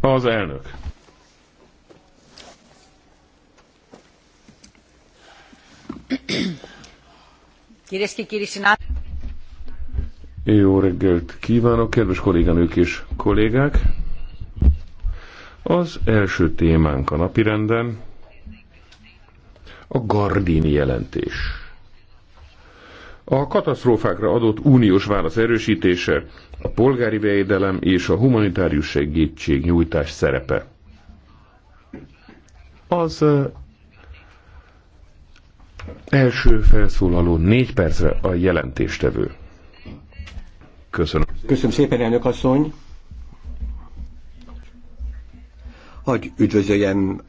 Az elnök. Jó reggelt kívánok, kedves kolléganők és kollégák! Az első témánk a napirenden a Gardini jelentés. A katasztrófákra adott uniós válasz erősítése, a polgári védelem és a humanitárius segítség nyújtás szerepe. Az első felszólaló négy percre a jelentéstevő. Köszönöm. Köszönöm szépen, elnök asszony. Hogy üdvözöljem